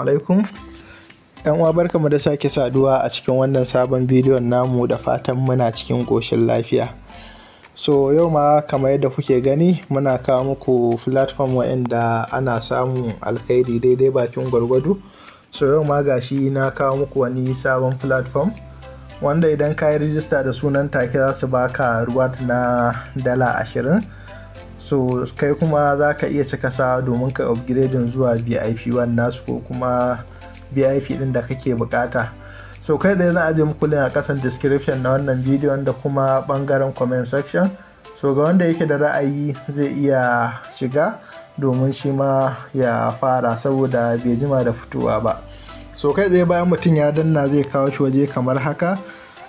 alaikum yan uwa barkamu da sake saduwa a cikin wannan sabon bidiyon namu da fatan muna cikin koshin lafiya so yau ma kamar yadda kuke gani muna kawo muku platform wa'inda ana samun alkhairi daidai bakin gwargwado so yau ma gashi na kawo muku wani sabon platform wanda idan ka yi rijista da sunan take za su baka ruwa na dala ashirin so kai kuma za ka iya cika sa domin ka upgrade zuwa vip 1 nasu ko kuma vip din da kake bukata so kai da za a je muku a kasan description na wannan video da kuma bangaren comment section so ga wanda yake da ra'ayi zai iya shiga domin shi ma ya fara saboda bai jima da fitowa ba so kai tsaye bayan mutum ya danna zai kawo shi waje kamar haka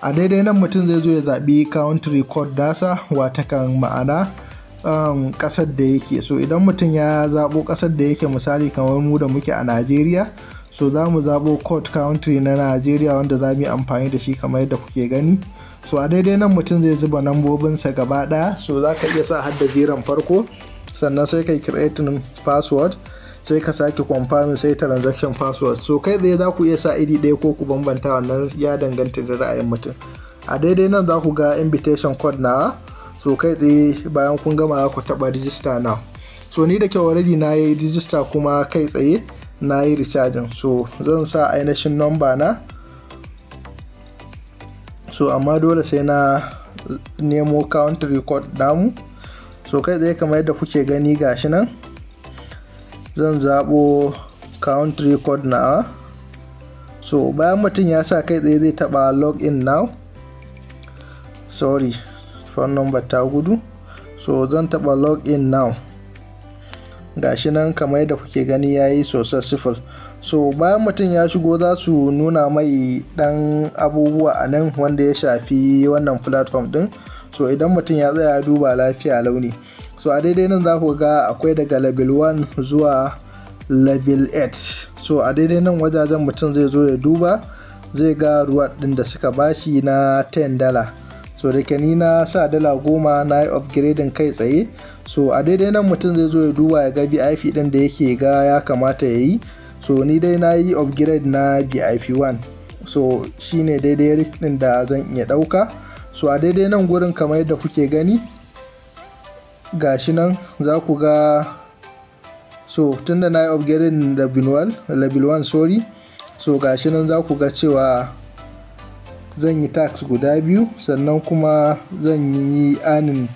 a daidai nan mutum zai zo ya zaɓi country code dasa watakan ma'ana um, kasar da yake so idan mutum ya zaɓo kasar da yake misali kamar mu da muke a najeriya so za mu zaɓo court country na najeriya wanda za mu yi amfani da shi kamar yadda kuke gani so a daidai nan mutum zai zuba nambobinsa gaba ɗaya so za ka iya sa har da farko sannan sai kai creating password sai ka sake confirm sai transaction password so kai zai za ku iya sa iri ɗaya ko ku bambanta wannan ya danganta da ra'ayin mutum a daidai nan za ku ga invitation code nawa so kai tsaye bayan kun gama ku taɓa rijista na so ni da kyau rabi na yi rijista kuma kai tsaye na yi recharging so zan sa ainihin number na so amma dole sai na nemo count record damu so kai tsaye kamar yadda kuke gani gashi nan zan zaɓo count record na so bayan mutum ya sa kai tsaye zai taɓa log in now sorry phone number ta gudu so zan taba log in now gashi nan kamar da kuke gani ya yi successful so bayan mutum ya shigo za su nuna mai dan abubuwa a nan wanda ya shafi wannan platform din so idan mutum ya tsaya duba lafiya launi so a daidai nan za ku ga akwai daga level 1 zuwa level 8 so a daidai nan wajajen mutum zai zo ya duba zai ga ruwa din da suka bashi na 10 dala so da ke ni na sa dala goma na yi upgrading kai tsaye so a daidai nan mutum zai zo ya duba ya ga bif din da yake ga ya kamata ya yi so ni dai na yi upgrade na bif 1 so shine daidai risk din da zan iya ɗauka so a daidai nan gurin kamar yadda kuke gani gashi nan za ku ga so tunda na yi upgrade da level 1 sorry so gashi nan za ku ga cewa zan yi tax guda biyu sannan kuma zan yi anin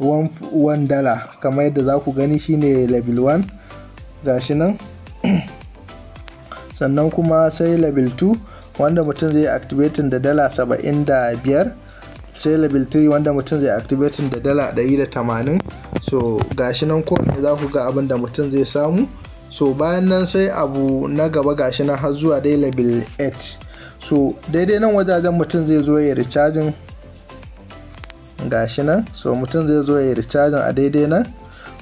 1 dala kamar yadda za ku gani shine level 1 gashi nan sannan kuma sai level 2 wanda mutum zai activating da dala 75 sai level 3 wanda mutum zai activating da dala 180 so gashi nan kowane za ku ga abin da mutum zai samu so bayan nan sai abu na gaba gashi nan har zuwa dai level 8 so daidai nan wajajen mutum zai zo ya recharging shi nan so mutum zai zo ya recharging a daidai nan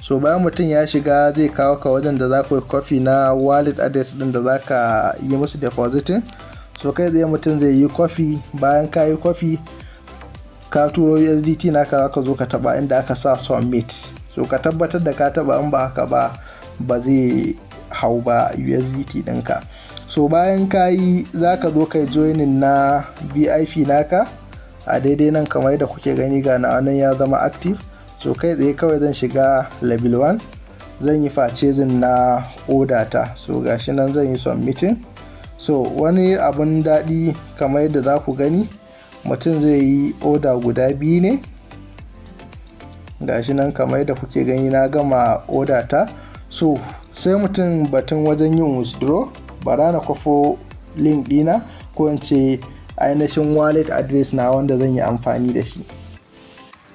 so bayan mutum ya shiga zai kawo ka wajen da za ku kofi na wallet address din da za ka yi musu depositing so kai tsaye mutum zai yi kofi bayan ka yi kofi ka turo usdt na za ka zo ka taba inda aka sa submit so ka tabbatar da ka taba in ba haka ba ba zai hau ba usdt ɗinka. so bayan ka yi za ka zo kai joinin na vip naka a daidai nan kamar yadda kuke gani ga na anan ya zama active so kai tsaye kawai zan shiga level 1 zan yi facezin na order ta so gashi nan zan yi submitting so wani abun daɗi kamar yadda za ku gani mutum zai yi oda guda biyu ne gashi nan kamar yadda kuke gani na gama order ta so sai mutum batun wajen yin withdraw bara na kwafo link dina ko in ce ainihin wallet address na wanda zan yi amfani da shi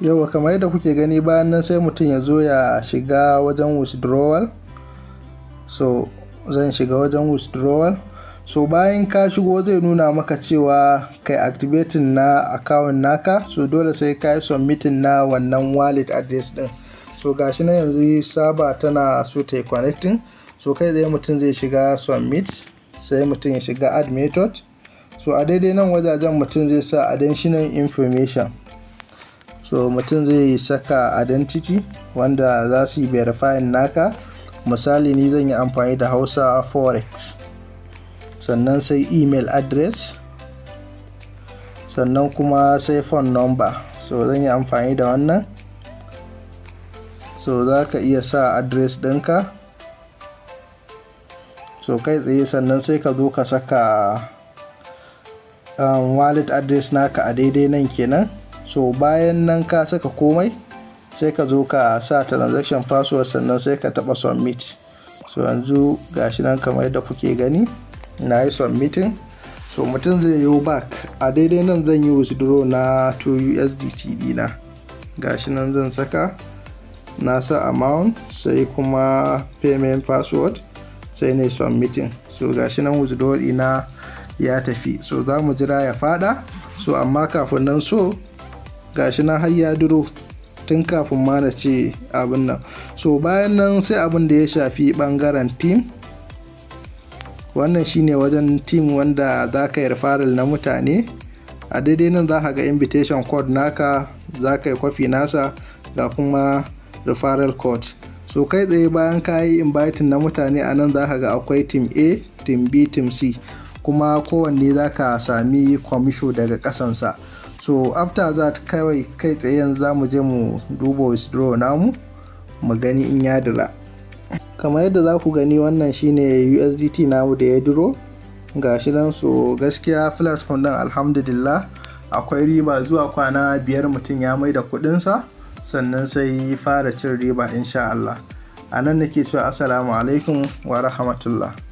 yau kamar yadda kuke gani bayan nan sai mutum ya zo ya shiga wajen withdrawal so zan shiga wajen withdrawal so bayan ka shigo zai nuna maka cewa kai activating na account naka so dole sai ka yi submitting na wannan wallet address din so gashi na yanzu saba tana so ta yi connecting so kai tsaye mutum zai shiga submit sai mutum ya shiga add method so a daidai nan wajajen mutum zai sa additional information so mutum zai saka identity wanda za su yi verifying naka misali ni zan yi amfani da hausa forex sannan sai email address sannan kuma sai phone number so zan yi amfani da wannan so za ka iya sa address ɗinka so kai tsaye sannan sai ka zo ka saka um, wallet address naka a daidai nan kenan so bayan nan ka saka komai sai ka zo ka sa transaction password sannan sai ka taba submit so yanzu gashi nan kamar da kuke gani na yi submitting so mutum zai yi back a daidai nan zan yi withdraw na 2 usdt dina gashi nan zan saka nasa sa amount sai kuma payment password sai na submitting so gashi nan withdrawal ina ya tafi so za mu jira ya fada so amma kafin nan so gashi nan har ya duro tun kafin ma na ce abin nan so bayan nan sai abin da ya shafi bangaren team wannan shine wajen team wanda za ka yi referral na mutane a daidai nan za ka ga invitation code naka za ka yi kwafi nasa ga kuma referral code so kai tsaye bayan ka yi inviting na mutane a nan za ga akwai team a team b team c kuma kowanne za ka sami kwamisho daga kasansa so after that kawai kai tsaye yanzu za mu je mu duba withdraw namu mu gani in ya dira kamar yadda za ku gani wannan shine usdt namu da ya duro ga shi nan so gaskiya platform din alhamdulillah akwai riba zuwa kwana biyar mutum ya mai da kudinsa sannan sai yi fara cin riba insha Allah a nan nake cewa assalamu alaikum wa rahmatullah